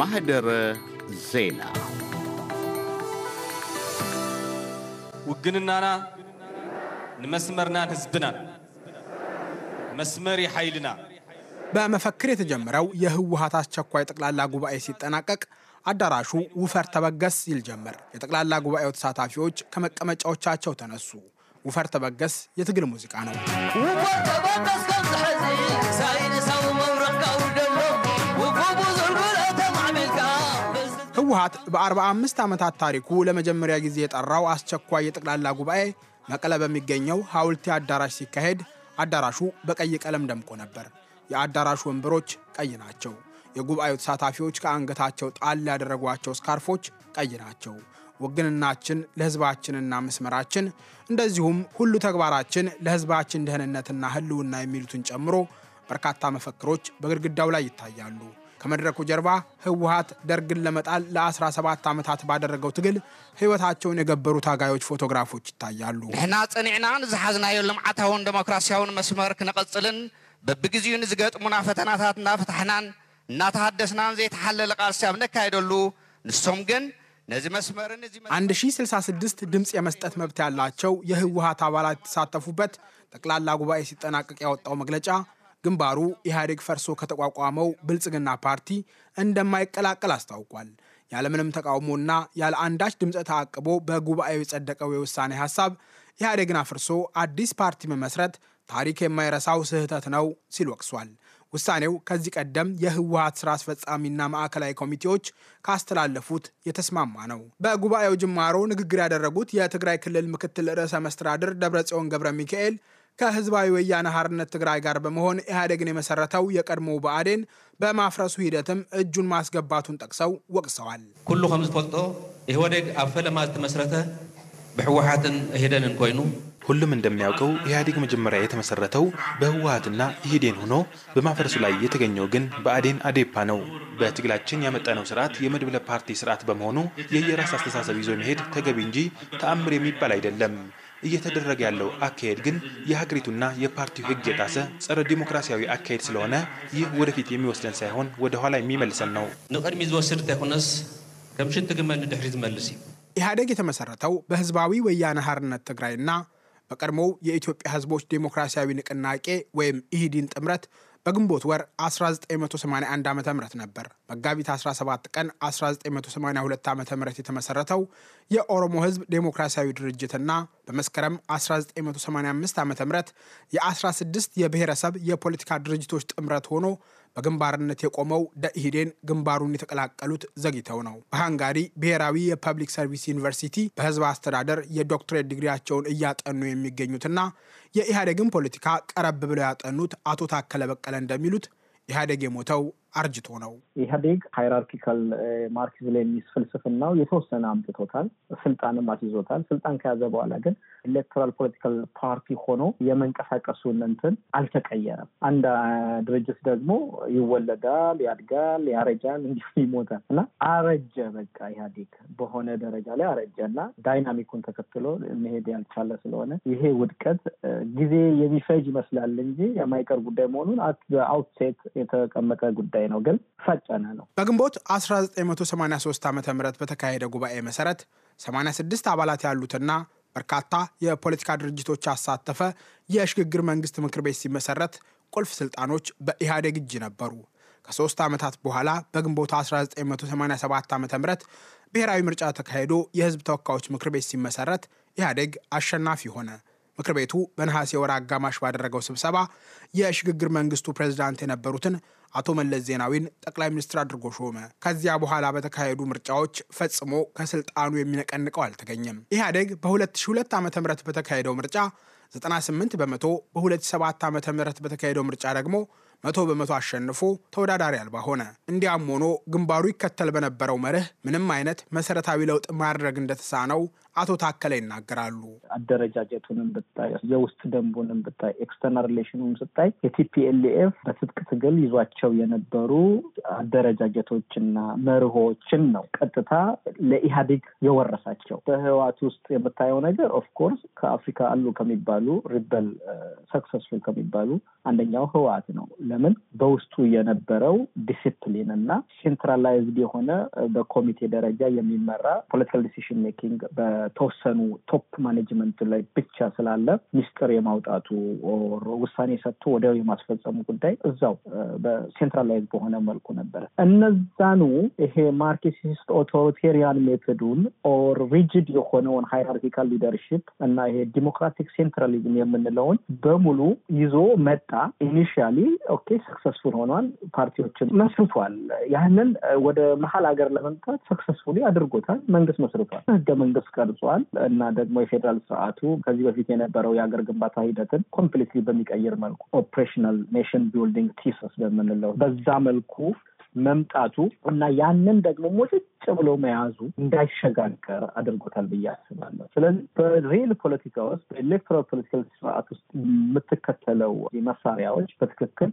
ማህደር ዜና ውግንናና ንመስመርናን ህዝብናን መስመር ኃይልና በመፈክር የተጀመረው የህወሀት አስቸኳይ ጠቅላላ ጉባኤ ሲጠናቀቅ አዳራሹ ውፈር ተበገስ ይል ጀመር። የጠቅላላ ጉባኤው ተሳታፊዎች ከመቀመጫዎቻቸው ተነሱ። ውፈር ተበገስ የትግል ሙዚቃ ነው። ህወሀት በ45 ዓመታት ታሪኩ ለመጀመሪያ ጊዜ የጠራው አስቸኳይ የጠቅላላ ጉባኤ መቀለ በሚገኘው ሐውልቲ አዳራሽ ሲካሄድ አዳራሹ በቀይ ቀለም ደምቆ ነበር። የአዳራሹ ወንበሮች ቀይ ናቸው። የጉባኤው ተሳታፊዎች ከአንገታቸው ጣል ያደረጓቸው ስካርፎች ቀይ ናቸው። ውግንናችን ለህዝባችንና መስመራችን እንደዚሁም ሁሉ ተግባራችን ለህዝባችን ደህንነትና ህልውና የሚሉትን ጨምሮ በርካታ መፈክሮች በግድግዳው ላይ ይታያሉ። ከመድረኩ ጀርባ ህወሀት ደርግን ለመጣል ለ17 ዓመታት ባደረገው ትግል ህይወታቸውን የገበሩ ታጋዮች ፎቶግራፎች ይታያሉ። ንሕና ጸኒዕና ንዝሓዝናዮ ልምዓታውን ዲሞክራሲያውን መስመር ክነቐፅልን በብግዚኡ ንዝገጥሙና ፈተናታት እናፍታሕናን እናተሃደስናን ዘይተሓለለ ቃልሲ ኣብ ነካይደሉ ንሶም ግን ነዚ መስመርን እዚ 1066 ድምፂ የመስጠት መብት ያላቸው የህወሀት አባላት የተሳተፉበት ጠቅላላ ጉባኤ ሲጠናቀቅ ያወጣው መግለጫ ግንባሩ ኢህአዴግ ፈርሶ ከተቋቋመው ብልጽግና ፓርቲ እንደማይቀላቀል አስታውቋል። ያለምንም ተቃውሞና ያለ አንዳች ድምፀ ተአቅቦ በጉባኤው የጸደቀው የውሳኔ ሀሳብ ኢህአዴግን አፍርሶ አዲስ ፓርቲ መመስረት ታሪክ የማይረሳው ስህተት ነው ሲል ወቅሷል። ውሳኔው ከዚህ ቀደም የህወሀት ስራ አስፈጻሚና ማዕከላዊ ኮሚቴዎች ካስተላለፉት የተስማማ ነው። በጉባኤው ጅማሮ ንግግር ያደረጉት የትግራይ ክልል ምክትል ርዕሰ መስተዳድር ደብረጽዮን ገብረ ሚካኤል ከህዝባዊ ወያነ ሓርነት ትግራይ ጋር በመሆን ኢህአዴግን የመሰረተው የቀድሞ ብአዴን በማፍረሱ ሂደትም እጁን ማስገባቱን ጠቅሰው ወቅሰዋል። ኩሉ ከም ዝፈልጦ ኢህወደግ ኣብ ፈለማ ዝተመስረተ ብሕወሓትን ኢህደንን ኮይኑ ሁሉም እንደሚያውቀው ኢህአዴግ መጀመሪያ የተመሰረተው በህወሓትና ኢህዴን ሆኖ በማፍረሱ ላይ የተገኘው ግን በአዴን አዴፓ ነው። በትግላችን ያመጣነው ስርዓት የመድብለ ፓርቲ ስርዓት በመሆኑ የየራስ አስተሳሰብ ይዞ መሄድ ተገቢ እንጂ ተአምር የሚባል አይደለም። እየተደረገ ያለው አካሄድ ግን የሀገሪቱና የፓርቲው ሕግ የጣሰ ጸረ ዲሞክራሲያዊ አካሄድ ስለሆነ ይህ ወደፊት የሚወስደን ሳይሆን ወደ ኋላ የሚመልሰን ነው። ንቅድሚ ዝወስድ እንተይኮነስ ከምሽን ግመን ድሕሪ ዝመልስ እዩ። ኢህአዴግ የተመሰረተው በህዝባዊ ወያነ ሓርነት ትግራይና በቀድሞው የኢትዮጵያ ህዝቦች ዴሞክራሲያዊ ንቅናቄ ወይም ኢህዲን ጥምረት በግንቦት ወር 1981 ዓ ም ነበር። መጋቢት 17 ቀን 1982 ዓ ም የተመሰረተው የኦሮሞ ህዝብ ዴሞክራሲያዊ ድርጅትና በመስከረም 1985 ዓ ም የ16 የብሔረሰብ የፖለቲካ ድርጅቶች ጥምረት ሆኖ በግንባርነት የቆመው ደኢህዴን ግንባሩን የተቀላቀሉት ዘግይተው ነው። በሃንጋሪ ብሔራዊ የፐብሊክ ሰርቪስ ዩኒቨርሲቲ በህዝብ አስተዳደር የዶክትሬት ዲግሪያቸውን እያጠኑ የሚገኙትና የኢህአዴግን ፖለቲካ ቀረብ ብለው ያጠኑት አቶ ታከለ በቀለ እንደሚሉት ኢህአዴግ የሞተው አርጅቶ ነው። ኢህአዴግ ሃይራርኪካል ማርክሲዝም ላይ ፍልስፍናው የተወሰነ አምጥቶታል፣ ስልጣንም አስይዞታል። ስልጣን ከያዘ በኋላ ግን ኤሌክቶራል ፖለቲካል ፓርቲ ሆኖ የመንቀሳቀሱ እንትን አልተቀየረም። አንድ ድርጅት ደግሞ ይወለዳል፣ ያድጋል፣ ያረጃል፣ እንዲሁ ይሞታል እና አረጀ። በቃ ኢህአዴግ በሆነ ደረጃ ላይ አረጀ እና ዳይናሚኩን ተከትሎ መሄድ ያልቻለ ስለሆነ ይሄ ውድቀት ጊዜ የሚፈጅ ይመስላል እንጂ የማይቀር ጉዳይ መሆኑን አውትሴት የተቀመጠ ጉዳይ ጉባኤ ነው፣ ግን ፈጨነ ነው። በግንቦት 1983 ዓ ም በተካሄደ ጉባኤ መሰረት 86 አባላት ያሉትና በርካታ የፖለቲካ ድርጅቶች ያሳተፈ የሽግግር መንግስት ምክር ቤት ሲመሰረት ቁልፍ ስልጣኖች በኢህአዴግ እጅ ነበሩ። ከሶስት ዓመታት በኋላ በግንቦት 1987 ዓ ም ብሔራዊ ምርጫ ተካሄዶ የህዝብ ተወካዮች ምክር ቤት ሲመሰረት ኢህአዴግ አሸናፊ ሆነ። ምክር ቤቱ በነሐሴ ወር አጋማሽ ባደረገው ስብሰባ የሽግግር መንግስቱ ፕሬዝዳንት የነበሩትን አቶ መለስ ዜናዊን ጠቅላይ ሚኒስትር አድርጎ ሾመ። ከዚያ በኋላ በተካሄዱ ምርጫዎች ፈጽሞ ከስልጣኑ የሚነቀንቀው አልተገኘም። ኢህአዴግ በ2002 ዓ ም በተካሄደው ምርጫ 98 በመቶ፣ በ2007 ዓ ም በተካሄደው ምርጫ ደግሞ መቶ በመቶ አሸንፎ ተወዳዳሪ አልባ ሆነ። እንዲያም ሆኖ ግንባሩ ይከተል በነበረው መርህ ምንም አይነት መሰረታዊ ለውጥ ማድረግ እንደተሳነው አቶ ታከለ ይናገራሉ። አደረጃጀቱንም ብታይ፣ የውስጥ ደንቡንም ብታይ፣ ኤክስተርናል ሪሌሽኑን ስታይ የቲፒኤልኤፍ በትጥቅ ትግል ይዟቸው የነበሩ አደረጃጀቶችና መርሆችን ነው ቀጥታ ለኢህአዴግ የወረሳቸው። በህወሓት ውስጥ የምታየው ነገር ኦፍኮርስ ከአፍሪካ አሉ ከሚባሉ ሪበል ሰክሰስፉል ከሚባሉ አንደኛው ህወሓት ነው። ለምን በውስጡ የነበረው ዲሲፕሊን እና ሴንትራላይዝድ የሆነ በኮሚቴ ደረጃ የሚመራ ፖለቲካል ዲሲሽን ሜኪንግ በተወሰኑ ቶፕ ማኔጅመንት ላይ ብቻ ስላለ ሚስጥር የማውጣቱ ኦር ውሳኔ ሰጥቶ ወዲያው የማስፈጸሙ ጉዳይ እዛው በሴንትራላይዝ በሆነ መልኩ ነበረ። እነዛኑ ይሄ ማርክሲስት ኦቶሪቴሪያን ሜቶዱን ኦር ሪጅድ የሆነውን ሃይራርኪካል ሊደርሽፕ እና ይሄ ዲሞክራቲክ ሴንትራሊዝም የምንለውን በሙሉ ይዞ መጣ። ኢኒሽያሊ። ኦኬ ሰክሰስፉል ሆኗል። ፓርቲዎችን መስርቷል። ያንን ወደ መሀል ሀገር ለመምጣት ሰክሰስፉሊ አድርጎታል። መንግስት መስርቷል። ህገ መንግስት ቀርጿል እና ደግሞ የፌዴራል ስርዓቱ ከዚህ በፊት የነበረው የሀገር ግንባታ ሂደትን ኮምፕሊትሊ በሚቀይር መልኩ ኦፕሬሽናል ኔሽን ቢልዲንግ ቲሰስ በምንለው በዛ መልኩ መምጣቱ እና ያንን ደግሞ ሞጭጭ ብሎ መያዙ እንዳይሸጋገር አድርጎታል ብዬ አስባለሁ። ስለዚህ በሪል ፖለቲካ ውስጥ በኤሌክትሮ ፖለቲካል ስርዓት ውስጥ የምትከተለው መሳሪያዎች በትክክል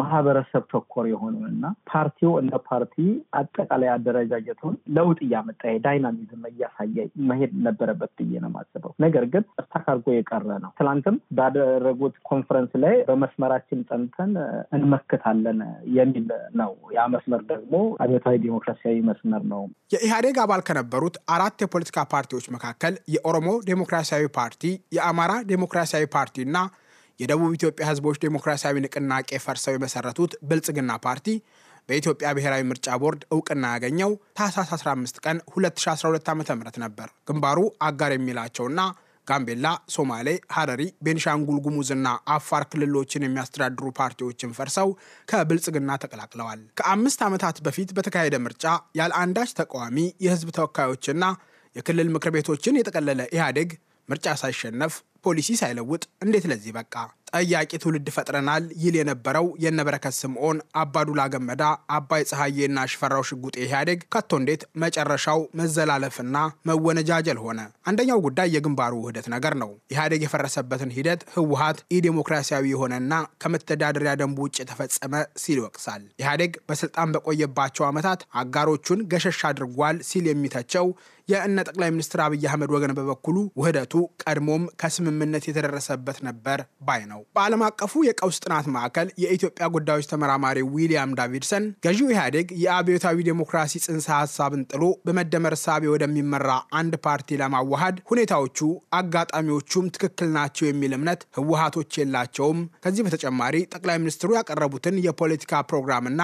ማህበረሰብ ተኮር የሆነ እና ፓርቲው እንደ ፓርቲ አጠቃላይ አደረጃጀቱን ለውጥ እያመጣ ዳይናሚዝም እያሳየ መሄድ ነበረበት ብዬ ነው የማስበው። ነገር ግን አስታካርጎ የቀረ ነው። ትላንትም ባደረጉት ኮንፈረንስ ላይ በመስመራችን ጸንተን እንመክታለን የሚል ነው። ያ መስመር ደግሞ አብዮታዊ ዲሞክራሲያዊ መስመር ነው። የኢህአዴግ አባል ከነበሩት አራት የፖለቲካ ፓርቲዎች መካከል የኦሮሞ ዴሞክራሲያዊ ፓርቲ፣ የአማራ ዴሞክራሲያዊ ፓርቲ እና የደቡብ ኢትዮጵያ ህዝቦች ዴሞክራሲያዊ ንቅናቄ ፈርሰው የመሰረቱት ብልጽግና ፓርቲ በኢትዮጵያ ብሔራዊ ምርጫ ቦርድ እውቅና ያገኘው ታህሳስ 15 ቀን 2012 ዓ ም ነበር። ግንባሩ አጋር የሚላቸውና ጋምቤላ፣ ሶማሌ፣ ሀረሪ፣ ቤንሻንጉል ጉሙዝና አፋር ክልሎችን የሚያስተዳድሩ ፓርቲዎችን ፈርሰው ከብልጽግና ተቀላቅለዋል። ከአምስት ዓመታት በፊት በተካሄደ ምርጫ ያለ አንዳች ተቃዋሚ የህዝብ ተወካዮችና የክልል ምክር ቤቶችን የጠቀለለ ኢህአዴግ ምርጫ ሳይሸነፍ ፖሊሲ ሳይለውጥ እንዴት ለዚህ በቃ? ጠያቂ ትውልድ ፈጥረናል ይል የነበረው የነበረከት ስምዖን፣ አባዱላ ገመዳ፣ አባይ ፀሐዬና ሽፈራው ሽጉጤ ኢህአዴግ ከቶ እንዴት መጨረሻው መዘላለፍና መወነጃጀል ሆነ? አንደኛው ጉዳይ የግንባሩ ውህደት ነገር ነው። ኢህአዴግ የፈረሰበትን ሂደት ህወሀት ኢዴሞክራሲያዊ የሆነና ከመተዳደሪያ ደንቡ ውጭ የተፈጸመ ሲል ይወቅሳል። ኢህአዴግ በስልጣን በቆየባቸው ዓመታት አጋሮቹን ገሸሽ አድርጓል ሲል የሚተቸው የእነ ጠቅላይ ሚኒስትር አብይ አህመድ ወገን በበኩሉ ውህደቱ ቀድሞም ከስምምነት የተደረሰበት ነበር ባይ ነው። በዓለም አቀፉ የቀውስ ጥናት ማዕከል የኢትዮጵያ ጉዳዮች ተመራማሪ ዊሊያም ዳቪድሰን ገዢው ኢህአዴግ የአብዮታዊ ዴሞክራሲ ጽንሰ ሀሳብን ጥሎ በመደመር ሳቤ ወደሚመራ አንድ ፓርቲ ለማዋሃድ ሁኔታዎቹ አጋጣሚዎቹም ትክክል ናቸው የሚል እምነት ህወሀቶች የላቸውም። ከዚህ በተጨማሪ ጠቅላይ ሚኒስትሩ ያቀረቡትን የፖለቲካ ፕሮግራምና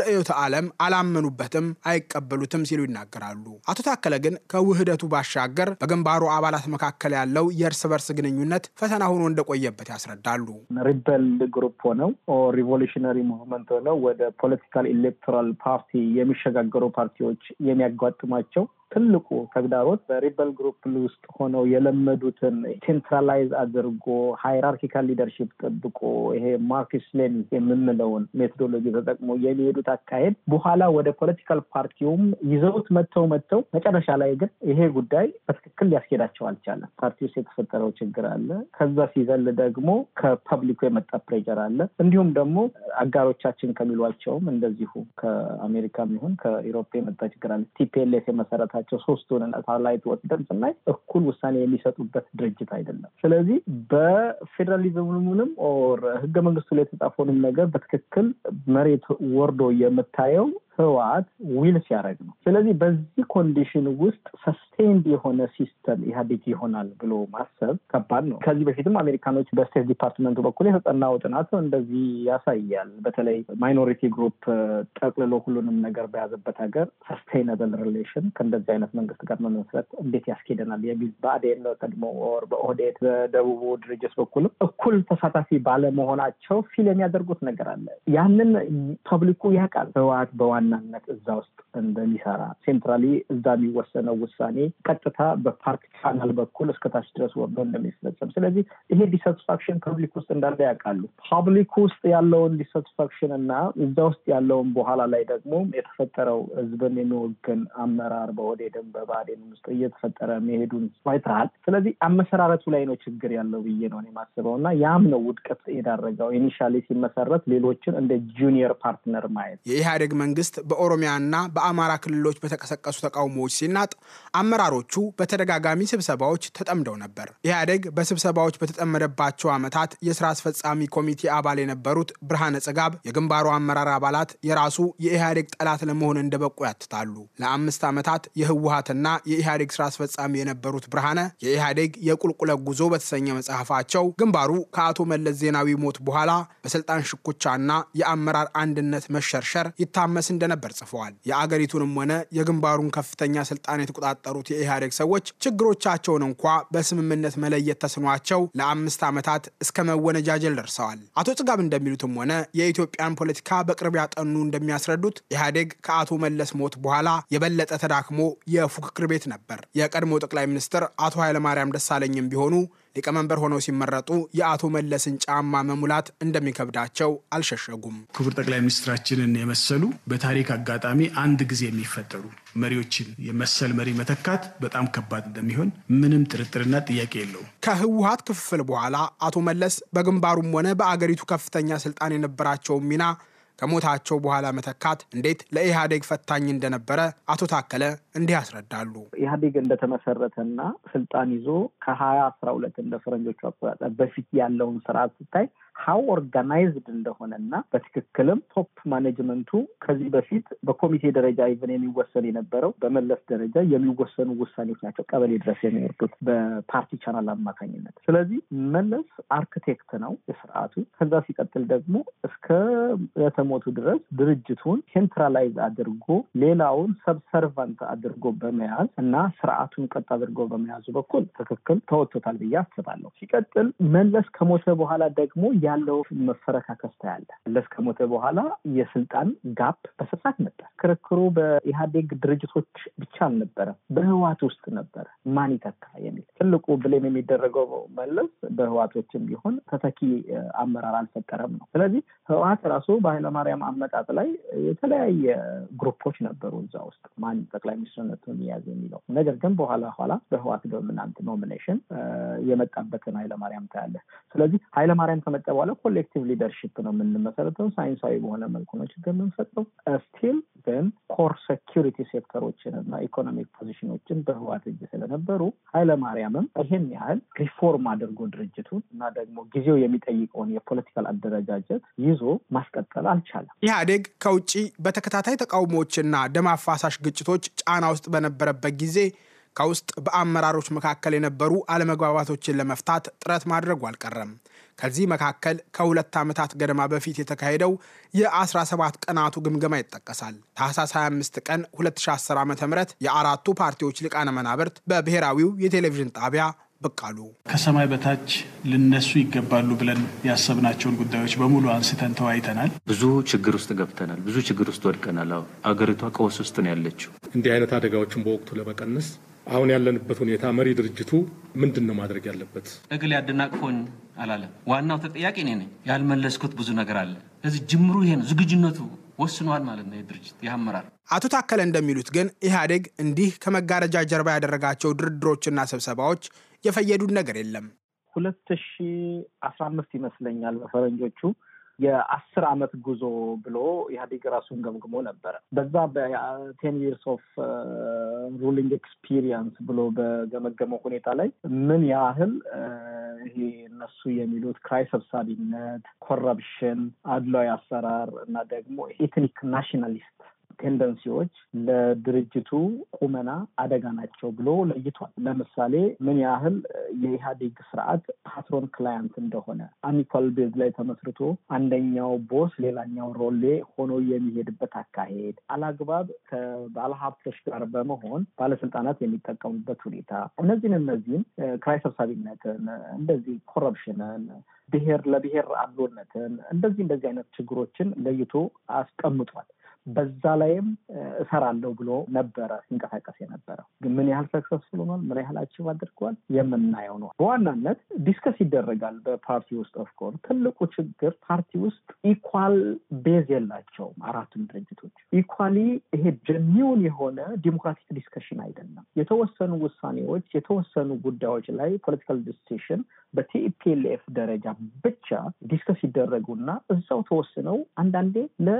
ርእዮተ ዓለም አላመኑበትም፣ አይቀበሉትም ሲሉ ይናገራሉ። አቶ ታከለ ግን ከውህደቱ ባሻገር በግንባሩ አባላት መካከል ያለው የእርስ በርስ ግንኙነት ፈተና ሆኖ እንደቆየበት ያስረዳሉ። ሪበል ግሩፕ ሆነው ሪቮሉሽነሪ ሙቭመንት ሆነው ወደ ፖለቲካል ኤሌክቶራል ፓርቲ የሚሸጋገሩ ፓርቲዎች የሚያጓጥማቸው ትልቁ ተግዳሮት በሪበል ግሩፕ ውስጥ ሆነው የለመዱትን ሴንትራላይዝ አድርጎ ሃይራርኪካል ሊደርሺፕ ጠብቆ ይሄ ማርክስ ሌኒን የምንለውን ሜቶዶሎጂ ተጠቅሞ የሚሄዱት አካሄድ በኋላ ወደ ፖለቲካል ፓርቲውም ይዘውት መጥተው መጥተው መጨረሻ ላይ ግን ይሄ ጉዳይ በትክክል ሊያስኬዳቸው አልቻለም። ፓርቲ ውስጥ የተፈጠረው ችግር አለ። ከዛ ሲዘል ደግሞ ከፐብሊኩ የመጣ ፕሬጀር አለ። እንዲሁም ደግሞ አጋሮቻችን ከሚሏቸውም እንደዚሁ ከአሜሪካም ይሁን ከኢሮፓ የመጣ ችግር አለ። ቲፒኤልኤፍ የመሰረታ ያላቸው ሶስቱን ሳተላይት ወስደን ስናይ እኩል ውሳኔ የሚሰጡበት ድርጅት አይደለም። ስለዚህ በፌዴራሊዝምንም ኦር ህገ መንግስቱ ላይ የተጻፈውንም ነገር በትክክል መሬት ወርዶ የምታየው ህወሓት ዊል ሲያደርግ ነው። ስለዚህ በዚህ ኮንዲሽን ውስጥ ሰስቴንድ የሆነ ሲስተም ኢህአዴግ ይሆናል ብሎ ማሰብ ከባድ ነው። ከዚህ በፊትም አሜሪካኖች በስቴት ዲፓርትመንቱ በኩል የተጠናው ጥናት እንደዚህ ያሳያል። በተለይ ማይኖሪቲ ግሩፕ ጠቅልሎ ሁሉንም ነገር በያዘበት ሀገር ሰስቴይነብል ሪሌሽን ከእንደዚህ አይነት መንግስት ጋር መመስረት እንዴት ያስኬደናል የሚል በአዴን ቀድሞ ወር በኦህዴት በደቡቡ ድርጅት በኩልም እኩል ተሳታፊ ባለመሆናቸው ፊል የሚያደርጉት ነገር አለ። ያንን ፐብሊኩ ያውቃል። ህወሓት በዋ በዋናነት እዛ ውስጥ እንደሚሰራ ሴንትራሊ እዛ የሚወሰነው ውሳኔ ቀጥታ በፓርክ ቻናል በኩል እስከታች ድረስ ወርዶ እንደሚፈጸም፣ ስለዚህ ይሄ ዲሳትስፋክሽን ፐብሊክ ውስጥ እንዳለ ያውቃሉ። ፐብሊክ ውስጥ ያለውን ዲሳትስፋክሽን እና እዛ ውስጥ ያለውን በኋላ ላይ ደግሞ የተፈጠረው ህዝብን የሚወግን አመራር በኦህዴድም በባዴን ውስጥ እየተፈጠረ መሄዱን ይትራል። ስለዚህ አመሰራረቱ ላይ ነው ችግር ያለው ብዬ ነው የማስበው እና ያም ነው ውድቀት የዳረገው ኢኒሻሊ ሲመሰረት ሌሎችን እንደ ጁኒየር ፓርትነር ማየት የኢህአዴግ መንግስት መንግስት በኦሮሚያና በአማራ ክልሎች በተቀሰቀሱ ተቃውሞዎች ሲናጥ አመራሮቹ በተደጋጋሚ ስብሰባዎች ተጠምደው ነበር። ኢህአዴግ በስብሰባዎች በተጠመደባቸው ዓመታት የስራ አስፈጻሚ ኮሚቴ አባል የነበሩት ብርሃነ ጽጋብ የግንባሩ አመራር አባላት የራሱ የኢህአዴግ ጠላት ለመሆን እንደበቁ ያትታሉ። ለአምስት ዓመታት የህወሀትና የኢህአዴግ ስራ አስፈጻሚ የነበሩት ብርሃነ የኢህአዴግ የቁልቁለት ጉዞ በተሰኘ መጽሐፋቸው ግንባሩ ከአቶ መለስ ዜናዊ ሞት በኋላ በስልጣን ሽኩቻና የአመራር አንድነት መሸርሸር ይታመስ እንደ እንደነበር ጽፈዋል። የአገሪቱንም ሆነ የግንባሩን ከፍተኛ ስልጣን የተቆጣጠሩት የኢህአዴግ ሰዎች ችግሮቻቸውን እንኳ በስምምነት መለየት ተስኗቸው ለአምስት ዓመታት እስከ መወነጃጀል ደርሰዋል። አቶ ጽጋብ እንደሚሉትም ሆነ የኢትዮጵያን ፖለቲካ በቅርብ ያጠኑ እንደሚያስረዱት ኢህአዴግ ከአቶ መለስ ሞት በኋላ የበለጠ ተዳክሞ የፉክክር ቤት ነበር። የቀድሞ ጠቅላይ ሚኒስትር አቶ ኃይለማርያም ደሳለኝም ቢሆኑ ሊቀመንበር ሆነው ሲመረጡ የአቶ መለስን ጫማ መሙላት እንደሚከብዳቸው አልሸሸጉም። ክቡር ጠቅላይ ሚኒስትራችንን የመሰሉ በታሪክ አጋጣሚ አንድ ጊዜ የሚፈጠሩ መሪዎችን የመሰል መሪ መተካት በጣም ከባድ እንደሚሆን ምንም ጥርጥርና ጥያቄ የለው። ከህወሀት ክፍፍል በኋላ አቶ መለስ በግንባሩም ሆነ በአገሪቱ ከፍተኛ ስልጣን የነበራቸውን ሚና ከሞታቸው በኋላ መተካት እንዴት ለኢህአዴግ ፈታኝ እንደነበረ አቶ ታከለ እንዲህ ያስረዳሉ። ኢህአዴግ እንደተመሰረተና ስልጣን ይዞ ከሀያ አስራ ሁለት እንደ ፈረንጆቹ አቆጣጠር በፊት ያለውን ስርዓት ስታይ ሀው ኦርጋናይዝድ እንደሆነ እና በትክክልም ቶፕ ማኔጅመንቱ ከዚህ በፊት በኮሚቴ ደረጃ ኢቨን የሚወሰን የነበረው በመለስ ደረጃ የሚወሰኑ ውሳኔዎች ናቸው ቀበሌ ድረስ የሚወርዱት በፓርቲ ቻናል አማካኝነት። ስለዚህ መለስ አርክቴክት ነው የስርዓቱ። ከዛ ሲቀጥል ደግሞ እስከ ለተሞቱ ድረስ ድርጅቱን ሴንትራላይዝ አድርጎ ሌላውን ሰብሰርቫንት አድርጎ በመያዝ እና ስርዓቱን ቀጥ አድርጎ በመያዙ በኩል ትክክል ተወጥቶታል ብዬ አስባለሁ። ሲቀጥል መለስ ከሞተ በኋላ ደግሞ ያለው መፈረካከስ ታያለህ። መለስ ከሞተ በኋላ የስልጣን ጋፕ በስፋት መጣ። ክርክሩ በኢህአዴግ ድርጅቶች ብቻ አልነበረም፣ በህዋት ውስጥ ነበረ። ማን ይተካ የሚል ትልቁ ብሌም የሚደረገው መለስ በህዋቶችም ቢሆን ተተኪ አመራር አልፈጠረም ነው። ስለዚህ ህዋት ራሱ በኃይለማርያም አመጣጥ ላይ የተለያየ ግሩፖች ነበሩ እዛ ውስጥ ማን ጠቅላይ ሚኒስትርነቱ የያዘ የሚለው ነገር ግን በኋላ ኋላ በህዋት ዶሚናንት ኖሚኔሽን የመጣበትን ኃይለማርያም ታያለ። ስለዚህ ኃይለማርያም ከመጣ በኋላ ኮሌክቲቭ ሊደርሽፕ ነው የምንመሰረተው። ሳይንሳዊ በሆነ መልኩ ነው ችግር የምንፈጠው። ስቲል ግን ኮር ሴኪሪቲ ሴክተሮችን እና ኢኮኖሚክ ፖዚሽኖችን በህዋት እጅ ስለነበሩ ኃይለማርያምም ይህን ያህል ሪፎርም አድርጎ ድርጅቱን እና ደግሞ ጊዜው የሚጠይቀውን የፖለቲካል አደረጃጀት ይዞ ማስቀጠል አልቻለም። ኢህአዴግ ከውጭ በተከታታይ ተቃውሞዎችና ደም አፋሳሽ ግጭቶች ጫና ውስጥ በነበረበት ጊዜ ከውስጥ በአመራሮች መካከል የነበሩ አለመግባባቶችን ለመፍታት ጥረት ማድረጉ አልቀረም። ከዚህ መካከል ከሁለት ዓመታት ገደማ በፊት የተካሄደው የ17 ቀናቱ ግምገማ ይጠቀሳል። ታህሳስ 25 ቀን 2010 ዓ ም የአራቱ ፓርቲዎች ሊቃነ መናብርት በብሔራዊው የቴሌቪዥን ጣቢያ ብቅ አሉ። ከሰማይ በታች ልነሱ ይገባሉ ብለን ያሰብናቸውን ጉዳዮች በሙሉ አንስተን ተወያይተናል። ብዙ ችግር ውስጥ ገብተናል። ብዙ ችግር ውስጥ ወድቀናል። አገሪቷ ቀውስ ውስጥ ነው ያለችው። እንዲህ አይነት አደጋዎችን በወቅቱ ለመቀነስ አሁን ያለንበት ሁኔታ መሪ ድርጅቱ ምንድን ነው ማድረግ ያለበት? እግል ያደናቅፎኝ አላለም። ዋናው ተጠያቂ እኔ ነኝ። ያልመለስኩት ብዙ ነገር አለ። ስለዚህ ጅምሩ ይሄ ነው፣ ዝግጁነቱ ወስኗል ማለት ነው። ድርጅት ይህ አቶ ታከለ እንደሚሉት ግን ኢህአዴግ እንዲህ ከመጋረጃ ጀርባ ያደረጋቸው ድርድሮችና ስብሰባዎች የፈየዱን ነገር የለም። ሁለት ሺ አስራ አምስት ይመስለኛል በፈረንጆቹ የአስር አመት ጉዞ ብሎ ኢህአዴግ ራሱን ገምግሞ ነበረ። በዛ በቴን ይርስ ኦፍ ሩሊንግ ኤክስፒሪየንስ ብሎ በገመገመው ሁኔታ ላይ ምን ያህል uh, ይሄ እነሱ የሚሉት ክራይ ሰብሳቢነት፣ ኮረፕሽን፣ አድሏዊ አሰራር እና ደግሞ ኤትኒክ ናሽናሊስት ቴንደንሲዎች ለድርጅቱ ቁመና አደጋ ናቸው ብሎ ለይቷል። ለምሳሌ ምን ያህል የኢህአዴግ ስርዓት ፓትሮን ክላያንት እንደሆነ አሚኳል ቤዝ ላይ ተመስርቶ አንደኛው ቦስ ሌላኛው ሮሌ ሆኖ የሚሄድበት አካሄድ፣ አላግባብ ከባለሀብቶች ጋር በመሆን ባለስልጣናት የሚጠቀሙበት ሁኔታ እነዚህን እነዚህን ክራይ ሰብሳቢነትን እንደዚህ ኮረፕሽንን ብሔር ለብሔር አብሎነትን እንደዚህ እንደዚህ አይነት ችግሮችን ለይቶ አስቀምጧል። በዛ ላይም እሰራለሁ ብሎ ነበረ ሲንቀሳቀስ የነበረው። ግን ምን ያህል ሰክሰስፉል ሆኗል፣ ምን ያህል አቺቭ አድርገዋል የምናየው ነው። በዋናነት ዲስከስ ይደረጋል በፓርቲ ውስጥ ኦፍኮር ትልቁ ችግር ፓርቲ ውስጥ ኢኳል ቤዝ የላቸውም አራቱም ድርጅቶች ኢኳሊ። ይሄ ጀኒውን የሆነ ዲሞክራቲክ ዲስከሽን አይደለም። የተወሰኑ ውሳኔዎች የተወሰኑ ጉዳዮች ላይ ፖለቲካል ዲሲሽን በቲፒኤልኤፍ ደረጃ ብቻ ዲስከስ ይደረጉና እዛው ተወስነው አንዳንዴ ለ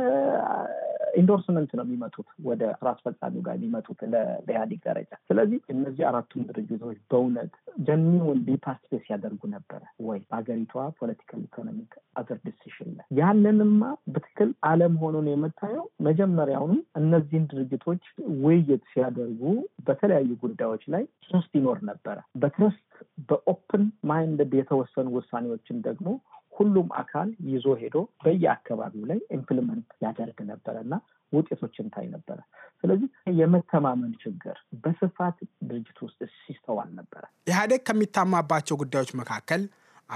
ኢንዶርስመንት ነው የሚመጡት ወደ ስራ አስፈጻሚ ጋር የሚመጡት በኢህአዴግ ደረጃ። ስለዚህ እነዚህ አራቱም ድርጅቶች በእውነት ጀሚውን ፓርቲስፔት ያደርጉ ነበረ ወይ በሀገሪቷ ፖለቲካል ኢኮኖሚክ አገር ዲሲሽን ላይ ያንንማ በትክክል አለም ነው የምታየው መጀመሪያውንም እነዚህን ድርጅቶች ውይይት ሲያደርጉ በተለያዩ ጉዳዮች ላይ ትረስት ይኖር ነበረ። በትረስት በኦፕን ማይንድ የተወሰኑ ውሳኔዎችን ደግሞ ሁሉም አካል ይዞ ሄዶ በየአካባቢው ላይ ኢምፕልመንት ያደርግ ነበረ እና ውጤቶችን ታይ ነበረ። ስለዚህ የመተማመን ችግር በስፋት ድርጅት ውስጥ ሲስተዋል ነበረ። ኢህአዴግ ከሚታማባቸው ጉዳዮች መካከል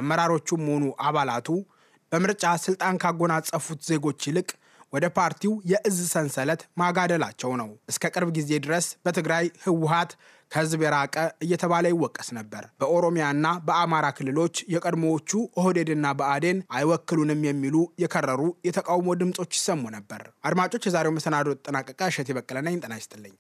አመራሮቹም ሆኑ አባላቱ በምርጫ ስልጣን ካጎናጸፉት ዜጎች ይልቅ ወደ ፓርቲው የእዝ ሰንሰለት ማጋደላቸው ነው። እስከ ቅርብ ጊዜ ድረስ በትግራይ ህወሀት ከህዝብ የራቀ እየተባለ ይወቀስ ነበር። በኦሮሚያና በአማራ ክልሎች የቀድሞዎቹ ኦህዴድና በአዴን አይወክሉንም የሚሉ የከረሩ የተቃውሞ ድምጾች ይሰሙ ነበር። አድማጮች፣ የዛሬው መሰናዶ ተጠናቀቀ። እሸት በቀለ ነኝ። ይስጥልኝ።